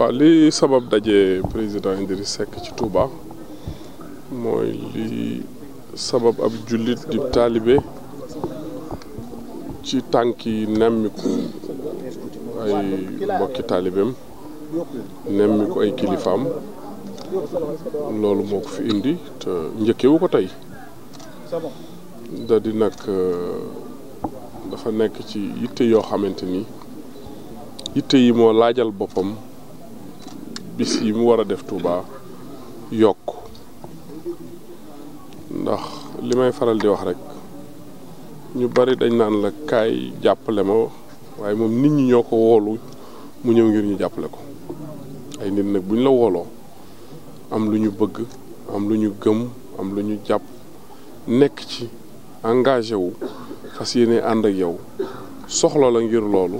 waa li sabab daje président Idriss sekk ci Touba mooy li sabab ab jullit di taalibe ci tànk yi nemmiku ay mbokki taalibeem nemmiku ay kilifaam loolu moo ko fi indi te njëkkewu ko tey da di nag euh, dafa nekk ci yitte yoo xamante ni yitte yi moo laajal boppam bis yi mu war a def Touba yokk ndax li may faral di wax rek ñu bari dañ naan la kaay jàppale ma waaye moom nit ñi ñoo ko woolu mu ñëw ngir ñu jàppale ko ay nit nag buñ la wooloo am lu ñu bëgg am lu ñu gëm am lu ñu jàpp nekk ci engagé wu fas yéene ànd ak yow soxla la ngir loolu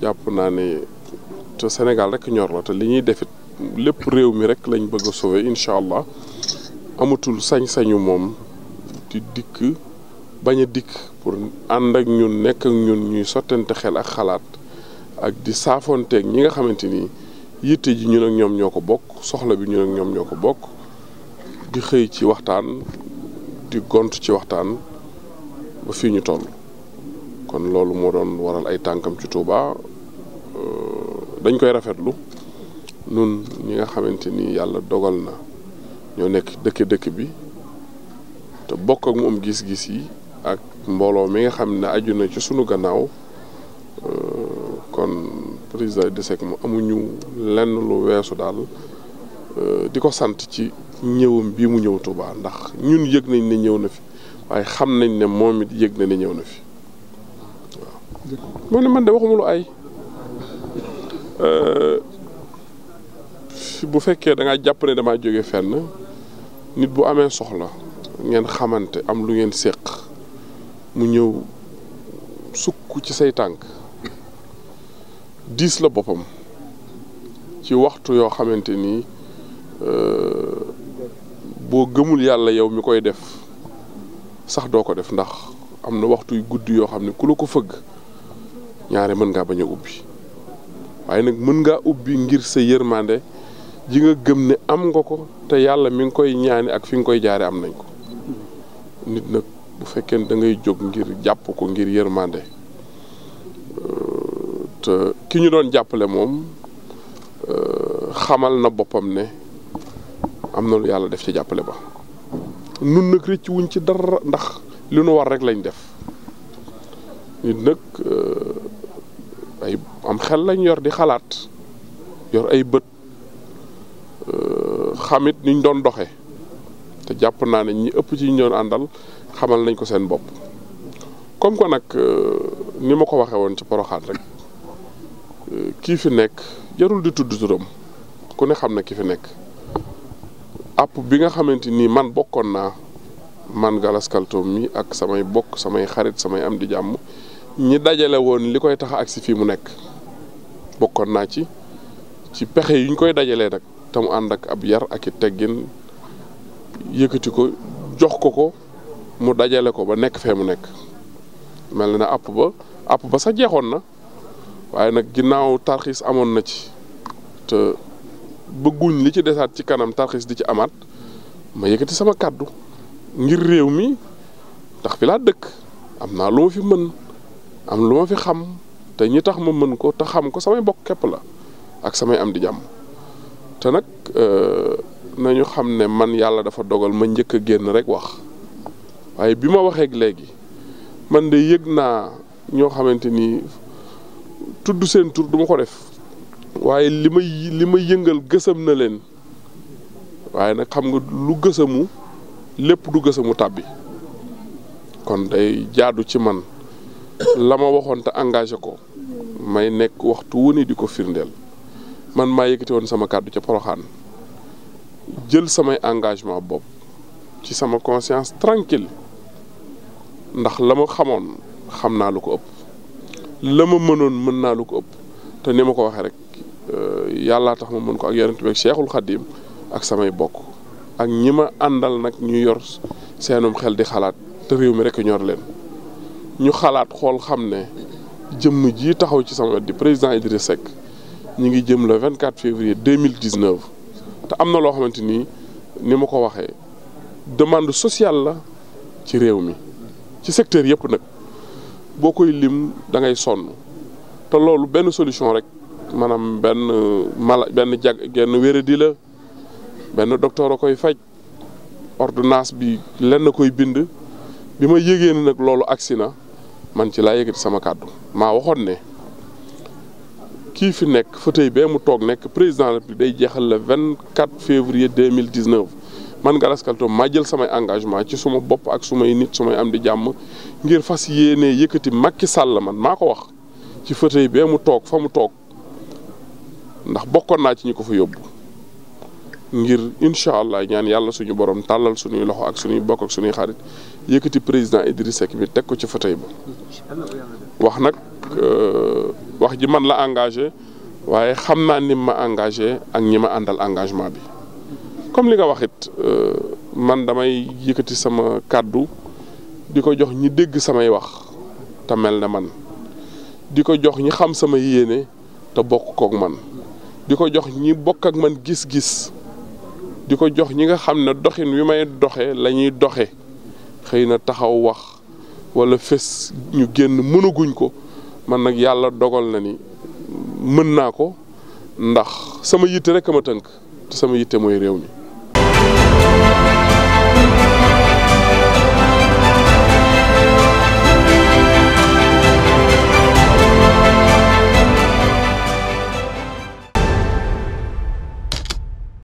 jàpp naa ne te Sénégal rek ñor la te li ñuy defit lépp réew mi rek lañ bëgg a sauver incha allah amatul sañ-sañu moom di dikk bañ a dikk pour ànd ak ñun nekk ak ñun ñuy sottante xel ak xalaat ak di saafonteeg ñi nga xamante ni yitte ji ñun ak ñoom ñoo ko bokk soxla bi ñun ak ñoom ñoo ko bokk di xëy ci waxtaan di gont ci waxtaan ba fii ñu toll kon loolu moo doon waral ay tànkam ci Touba dañ koy rafetlu nun ñi nga xamante ni yàlla dogal na ñoo nekk dëkk-dëkk bi te bokk ak moom gis-gis yi ak mbooloo mi nga xam ne aju na ci sunu gannaaw euh, kon président de sec mu amuñu lenn lu weesu daal euh, di ko sant ci ñëwam bii mu ñëw Touba ndax ñun yëg nañ ne ñëw na fi waaye xam nañ ne moom it yëg na ne ñëw na fi waaw. moo ne man de waxuma lu ay. Euh, bu fekkee da ngaa jàpp ne damaa jóge fenn nit bu amee soxla ngeen xamante am lu ngeen séq mu ñëw sukk ci say tànk diis la boppam ci waxtu yoo xamante ni euh, boo gëmul yàlla yow mi koy def sax doo ko def ndax am na waxtu yu gudd yoo xam ne ku la ko fëgg ñaare mën ngaa bañ a ubbi waaye nag mën ngaa ubbi ngir sa yërmande ji nga gëm ni am nga ko te yàlla mi ngi koy ñaani ak fi nga koy jaare am nañ ko nit nag bu fekkee ne da jóg ngir jàpp ko ngir yërmande euh, te ki ñu doon jàppale moom euh, xamal na boppam ne am na lu yàlla def ci jàppale ba nun nag rëcc wuñ ci dara ndax li nu war rek lañ def nit nag euh, am xel lañ yor di xalaat yor ay bët euh, xamit niñ doon doxe te japp naa ne ñi ëpp ci ñu doon àndal xamal nañ ko seen bopp comme ko nag euh, ni ma ko waxe woon ci rek euh, kii fi nekk jarul di tudd turam ku ne xam na ki fi nekk app bi nga xamante man bokkoon naa man Galas kalto mi ak samay bokk samay xarit samay am di jàmm ñi dajale woon li koy tax ak si fii mu nekk bokkon na ci ci pexé yuñ koy dajalé nak tamu mu ak ab yar ak teggin yëkëti ko jox ko ko mu dajalé ko ba nek fee mu nek mel na app ba app ba sa jéxon na waaye nak ginnaw tarxis amon na ci te bëgguñ li ci déssat ci kanam tarxis di ci amat ma yëkëti sama kaddu ngir réew mi tax fi la dëkk amna fi mën am lu fi xam te ñi tax ma mën ko te xam ko samay bokk képp la ak samay am di jàmm te nag euh, nañu xam ne man yàlla dafa dogal ma njëkk a génn rek wax waaye bi ma waxeeg léegi man de yëg naa ñoo xamante ni tudd seen tur duma ko def waaye li may li ma yëngal gësëm na leen waaye nag xam nga lu gësamu lépp du gësamu tàbbi kon day jaadu ci man la ma waxoon te engagé ko may nek waxtu woni diko di kofirndel, man ma yëkkati won sama kàddu ci poroxaan jël sama engagement bob ci sama conscience tranquille ndax lama xamone xamna lu ko upp lama meunon mënoon mën lu ko upp te nima ko waxe rek euh, yalla tax ma mën ko ak yonent bek Cheikhul Khadim ak sama bok ak ñima andal nak ñu yor senum xel di xalat te rew mi rek ñor len ñu xalat xol xamne jëmm jii taxaw ci sama wet di président Idriss Seck ñu ngi jëm le 24 février 2019 te am na loo xamante nii ni ma ko waxee demande sociale la ci réew mi ci secteur yëpp nag boo koy lim da ngay sonn te loolu benn solution rek maanaam benn mala benn jag genn wéradi la benn docteur a koy faj ordonnance bi lenn koy bind bi ma yëgee nag loolu agsi na man ci laa yëkkati sama kàddu maa waxoon ne kii fi nekk fauteuil bee mu toog nekk président day jeexal la République day jeexal le 24 février 2019 man Gallas Kaltoum maa jël samay engagement ci suma bopp ak sumay nit sumay am di jàmm ngir fas yéene yëkkati Macky Sall man maa ko wax ci fauteuil bee mu toog fa mu toog ndax bokkoon naa ci ñu ko fa yóbbu ngir incha allah ñaan yàlla suñu borom tàllal suñuy loxo ak suñuy bokk ak suñuy xarit yëkkati président Idriss Seck bi teg ko ci fauteuil ba wax nag euh, wax ji man la engagé waaye xam naa nim ma engagé ak ñi ma àndal engagement bi comme li nga wax it euh, man damay yëkkati sama kàddu di ko jox ñi dégg samay wax te mel na man di ko jox ñi xam sama yéene te bokk kook man di ko jox ñi bokk ak man gis-gis di ko jox ñi nga xam ne doxin wi may doxe la ñuy doxe xëy na taxaw wax wala fés ñu génn mënaguñ ko man nag yàlla dogal na ni mën naa ko ndax sama yitte rek a ma tënk te sama yitte mooy réew mi